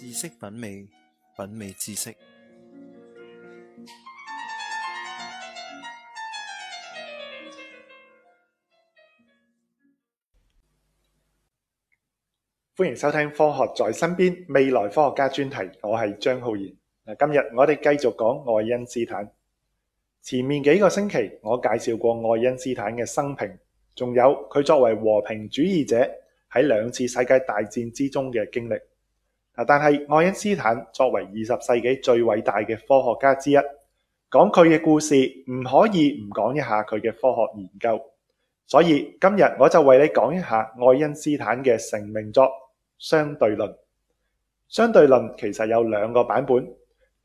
知識品味，品味知識。歡迎收聽《科學在身邊》未來科學家專題，我係張浩然。嗱，今日我哋繼續講愛因斯坦。前面幾個星期我介紹過愛因斯坦嘅生平，仲有佢作為和平主義者喺兩次世界大戰之中嘅經歷。啊！但係愛因斯坦作為二十世紀最偉大嘅科學家之一，講佢嘅故事唔可以唔講一下佢嘅科學研究。所以今日我就為你講一下愛因斯坦嘅成名作相對論。相對論其實有兩個版本，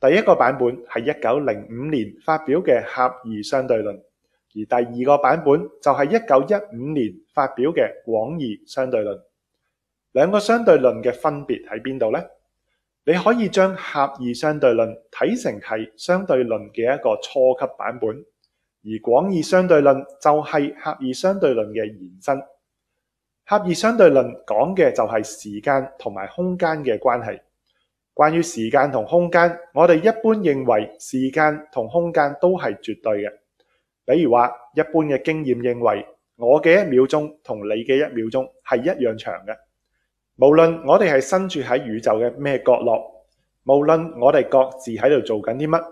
第一個版本係一九零五年發表嘅狹義相對論，而第二個版本就係一九一五年發表嘅廣義相對論。兩個相對論嘅分別喺邊度呢？你可以將狹義相對論睇成係相對論嘅一個初級版本，而廣義相對論就係狹義相對論嘅延伸。狹義相對論講嘅就係時間同埋空間嘅關係。關於時間同空間，我哋一般認為時間同空間都係絕對嘅。比如話，一般嘅經驗認為我嘅一秒鐘同你嘅一秒鐘係一樣長嘅。無論我哋係身處喺宇宙嘅咩角落，無論我哋各自喺度做緊啲乜，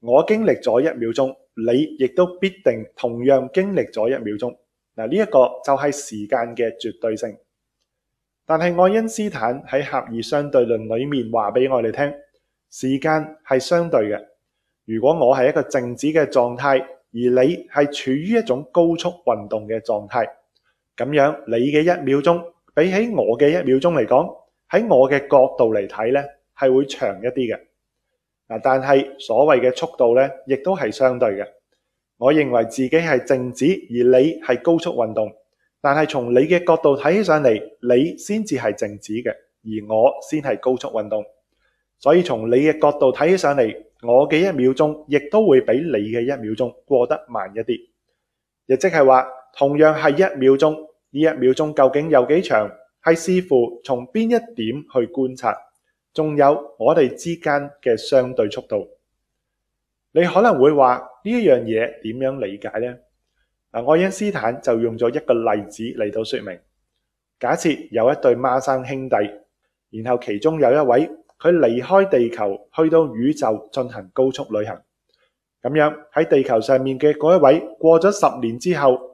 我經歷咗一秒鐘，你亦都必定同樣經歷咗一秒鐘。嗱，呢一個就係時間嘅絕對性。但係愛因斯坦喺狹義相對論裏面話俾我哋聽，時間係相對嘅。如果我係一個靜止嘅狀態，而你係處於一種高速運動嘅狀態，咁樣你嘅一秒鐘。比起我嘅一秒鐘嚟講，喺我嘅角度嚟睇呢，係會長一啲嘅。嗱，但係所謂嘅速度呢，亦都係相對嘅。我認為自己係靜止，而你係高速運動。但係從你嘅角度睇起上嚟，你先至係靜止嘅，而我先係高速運動。所以從你嘅角度睇起上嚟，我嘅一秒鐘亦都會比你嘅一秒鐘過得慢一啲。亦即係話，同樣係一秒鐘。呢一秒鐘究竟有幾長？係視乎從邊一點去觀察。仲有我哋之間嘅相對速度。你可能會話呢一樣嘢點樣理解呢？嗱，愛因斯坦就用咗一個例子嚟到說明。假設有一對孖生兄弟，然後其中有一位佢離開地球去到宇宙進行高速旅行，咁樣喺地球上面嘅嗰一位過咗十年之後。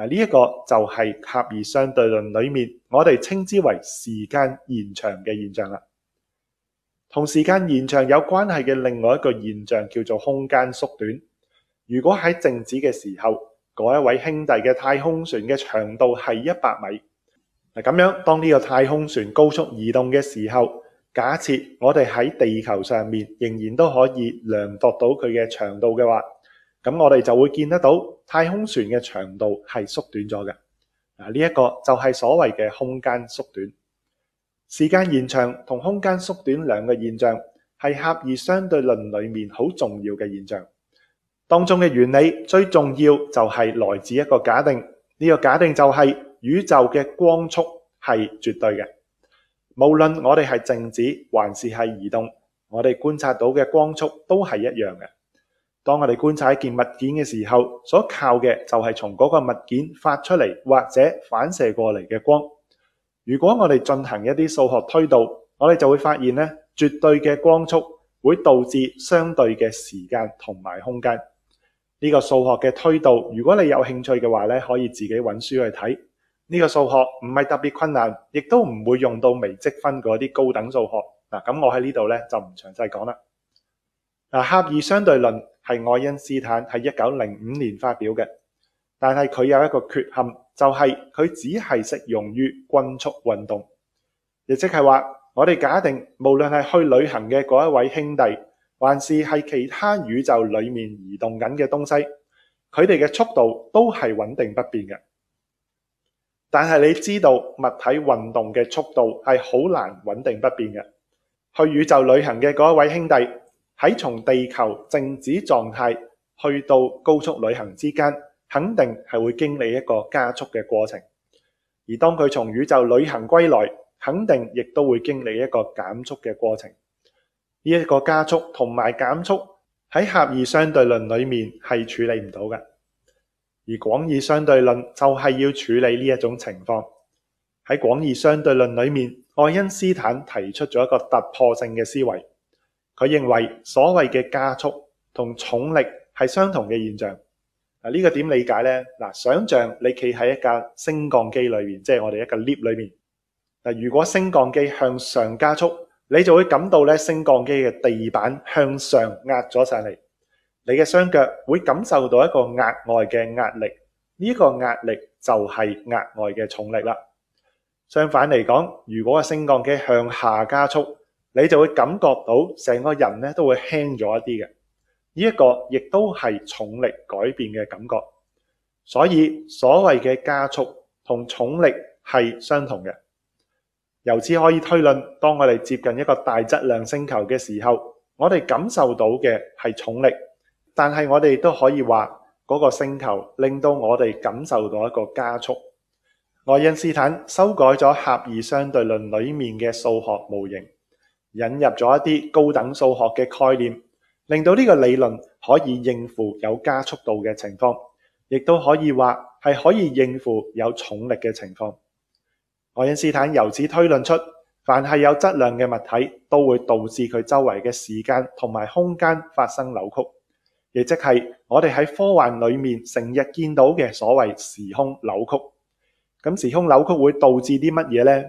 嗱，呢一個就係狹義相對論裏面，我哋稱之為時間延長嘅現象啦。同時間延長有關係嘅另外一個現象叫做空間縮短。如果喺靜止嘅時候，嗰一位兄弟嘅太空船嘅長度係一百米。嗱，咁樣當呢個太空船高速移動嘅時候，假設我哋喺地球上面仍然都可以量度到佢嘅長度嘅話。咁我哋就會見得到太空船嘅長度係縮短咗嘅，啊呢一個就係所謂嘅空間縮短。時間延長同空間縮短兩個現象係狹義相對論裏面好重要嘅現象。當中嘅原理最重要就係來自一個假定，呢個假定就係宇宙嘅光速係絕對嘅，無論我哋係靜止還是係移動，我哋觀察到嘅光速都係一樣嘅。當我哋觀察一件物件嘅時候，所靠嘅就係從嗰個物件發出嚟，或者反射過嚟嘅光。如果我哋進行一啲數學推導，我哋就會發現咧，絕對嘅光速會導致相對嘅時間同埋空間。呢個數學嘅推導，如果你有興趣嘅話咧，可以自己搵書去睇。呢個數學唔係特別困難，亦都唔會用到微積分嗰啲高等數學。嗱，咁我喺呢度咧就唔詳細講啦。嗱，狹義相對論，係愛因斯坦喺一九零五年發表嘅，但係佢有一個缺陷，就係佢只係適用於均速運動，亦即係話我哋假定無論係去旅行嘅嗰一位兄弟，還是係其他宇宙裏面移動緊嘅東西，佢哋嘅速度都係穩定不變嘅。但係你知道，物體運動嘅速度係好難穩定不變嘅，去宇宙旅行嘅嗰一位兄弟。喺從地球靜止狀態去到高速旅行之間，肯定係會經歷一個加速嘅過程。而當佢從宇宙旅行歸來，肯定亦都會經歷一個減速嘅過程。呢一個加速同埋減速喺狹義相對論裏面係處理唔到嘅，而廣義相對論就係要處理呢一種情況。喺廣義相對論裏面，愛因斯坦提出咗一個突破性嘅思維。佢認為所謂嘅加速同重力係相同嘅現象。啊，呢個點理解呢？嗱，想象你企喺一架升降機裏面，即係我哋一個 lift 裏面。嗱，如果升降機向上加速，你就會感到咧升降機嘅地板向上壓咗上嚟，你嘅雙腳會感受到一個額外嘅壓力。呢個壓力就係額外嘅重力啦。相反嚟講，如果升降機向下加速，你就會感覺到成個人咧都會輕咗一啲嘅，呢、這、一個亦都係重力改變嘅感覺。所以所謂嘅加速同重力係相同嘅。由此可以推論，當我哋接近一個大質量星球嘅時候，我哋感受到嘅係重力，但係我哋都可以話嗰、那個星球令到我哋感受到一個加速。愛因斯坦修改咗狹義相對論裏面嘅數學模型。引入咗一啲高等數學嘅概念，令到呢個理論可以應付有加速度嘅情況，亦都可以話係可以應付有重力嘅情況。愛因斯坦由此推論出，凡係有質量嘅物體都會導致佢周圍嘅時間同埋空間發生扭曲，亦即係我哋喺科幻裏面成日見到嘅所謂時空扭曲。咁時空扭曲會導致啲乜嘢呢？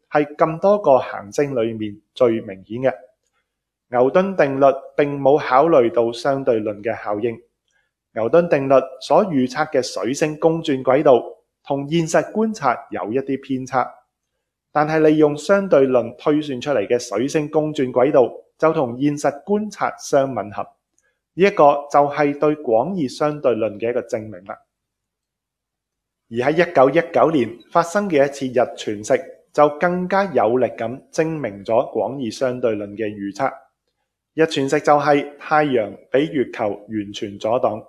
係咁多個行星裏面最明顯嘅，牛頓定律並冇考慮到相對論嘅效應。牛頓定律所預測嘅水星公轉軌道同現實觀察有一啲偏差，但係利用相對論推算出嚟嘅水星公轉軌道就同現實觀察相吻合。呢一個就係對廣義相對論嘅一個證明啦。而喺一九一九年發生嘅一次日全食，就更加有力咁證明咗廣義相對論嘅預測。日全食就係太陽俾月球完全阻擋，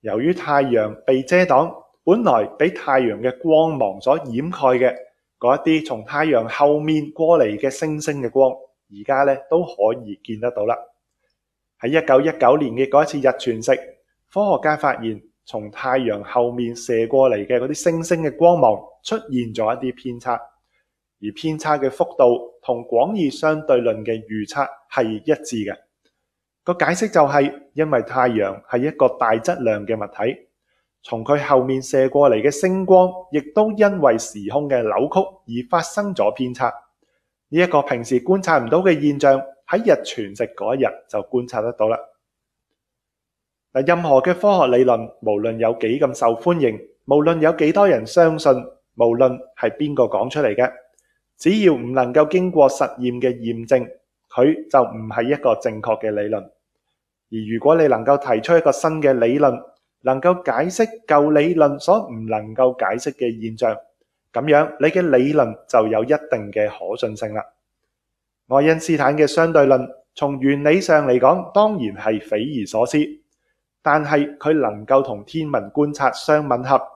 由於太陽被遮擋，本來俾太陽嘅光芒所掩蓋嘅嗰一啲從太陽後面過嚟嘅星星嘅光，而家呢都可以見得到啦。喺一九一九年嘅嗰一次日全食，科學家發現從太陽後面射過嚟嘅嗰啲星星嘅光芒出現咗一啲偏差。而偏差嘅幅度同廣義相對論嘅預測係一致嘅。個解釋就係因為太陽係一個大質量嘅物體，從佢後面射過嚟嘅星光，亦都因為時空嘅扭曲而發生咗偏差。呢一個平時觀察唔到嘅現象喺日全食嗰一日就觀察得到啦。嗱，任何嘅科學理論，無論有幾咁受歡迎，無論有幾多人相信，無論係邊個講出嚟嘅。只要唔能夠經過實驗嘅驗證，佢就唔係一個正確嘅理論。而如果你能夠提出一個新嘅理論，能夠解釋舊理論所唔能夠解釋嘅現象，咁樣你嘅理論就有一定嘅可信性啦。愛因斯坦嘅相對論，從原理上嚟講，當然係匪夷所思，但係佢能夠同天文觀察相吻合。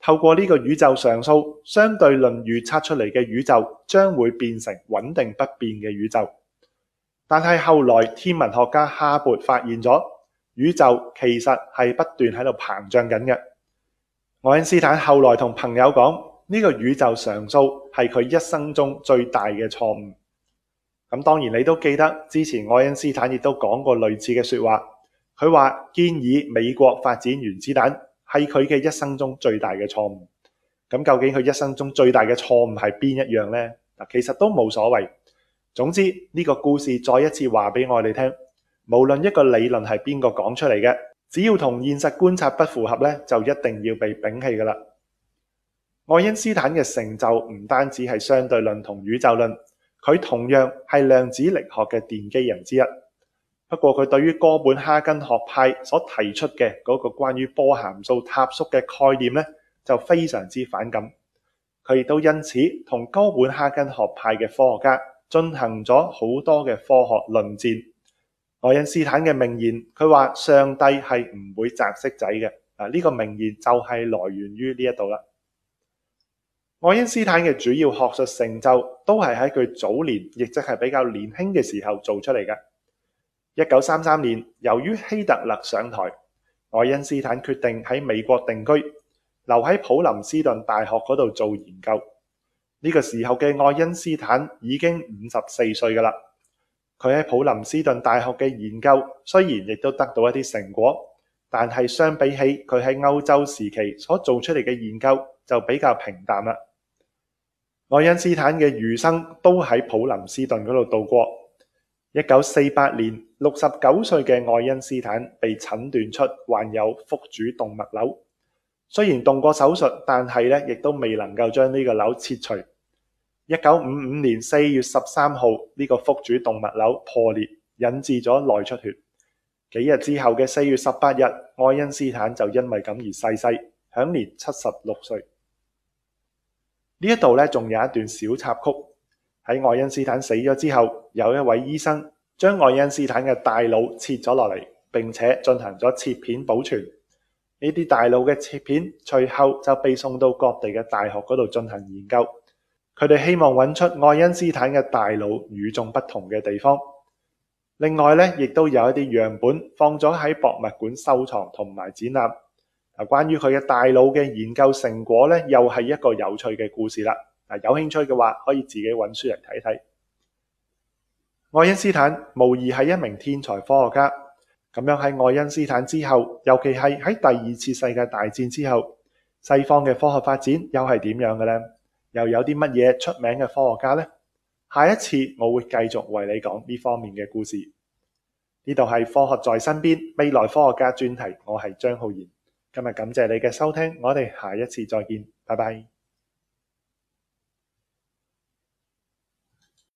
透過呢個宇宙常數相對論預測出嚟嘅宇宙將會變成穩定不變嘅宇宙，但係後來天文學家哈勃發現咗，宇宙其實係不斷喺度膨脹緊嘅。愛因斯坦後來同朋友講呢個宇宙常數係佢一生中最大嘅錯誤。咁當然你都記得之前愛因斯坦亦都講過類似嘅說話，佢話建議美國發展原子彈。係佢嘅一生中最大嘅錯誤。咁究竟佢一生中最大嘅錯誤係邊一樣呢？嗱，其實都冇所謂。總之呢個故事再一次話俾我哋聽，無論一個理論係邊個講出嚟嘅，只要同現實觀察不符合呢，就一定要被摒棄㗎喇。愛因斯坦嘅成就唔單止係相對論同宇宙論，佢同樣係量子力學嘅奠基人之一。不過佢對於哥本哈根學派所提出嘅嗰個關於波函數塌縮嘅概念咧，就非常之反感。佢亦都因此同哥本哈根學派嘅科學家進行咗好多嘅科學論戰。愛因斯坦嘅名言，佢話上帝係唔會擲骰仔嘅。啊，呢個名言就係來源於呢一度啦。愛因斯坦嘅主要學術成就都係喺佢早年，亦即係比較年輕嘅時候做出嚟嘅。一九三三年，由於希特勒上台，愛因斯坦決定喺美國定居，留喺普林斯頓大學嗰度做研究。呢個時候嘅愛因斯坦已經五十四歲噶啦。佢喺普林斯頓大學嘅研究雖然亦都得到一啲成果，但係相比起佢喺歐洲時期所做出嚟嘅研究，就比較平淡啦。愛因斯坦嘅餘生都喺普林斯頓嗰度度過。一九四八年，六十九歲嘅愛因斯坦被診斷出患有腹主動脈瘤。雖然動過手術，但係咧亦都未能夠將呢個瘤切除。一九五五年四月十三號，呢、這個腹主動脈瘤破裂，引致咗內出血。幾日之後嘅四月十八日，愛因斯坦就因為咁而逝世，世，享年七十六歲。這裏呢一度咧，仲有一段小插曲。喺愛因斯坦死咗之後，有一位醫生將愛因斯坦嘅大腦切咗落嚟，並且進行咗切片保存。呢啲大腦嘅切片隨後就被送到各地嘅大學嗰度進行研究。佢哋希望揾出愛因斯坦嘅大腦與眾不同嘅地方。另外咧，亦都有一啲樣本放咗喺博物館收藏同埋展覽。嗱，關於佢嘅大腦嘅研究成果咧，又係一個有趣嘅故事啦。啊！有興趣嘅話，可以自己揾書嚟睇睇。愛因斯坦無疑係一名天才科學家。咁樣喺愛因斯坦之後，尤其係喺第二次世界大戰之後，西方嘅科學發展又係點樣嘅呢？又有啲乜嘢出名嘅科學家呢？下一次我會繼續為你講呢方面嘅故事。呢度係科學在身邊未來科學家專題，我係張浩然。今日感謝你嘅收聽，我哋下一次再見，拜拜。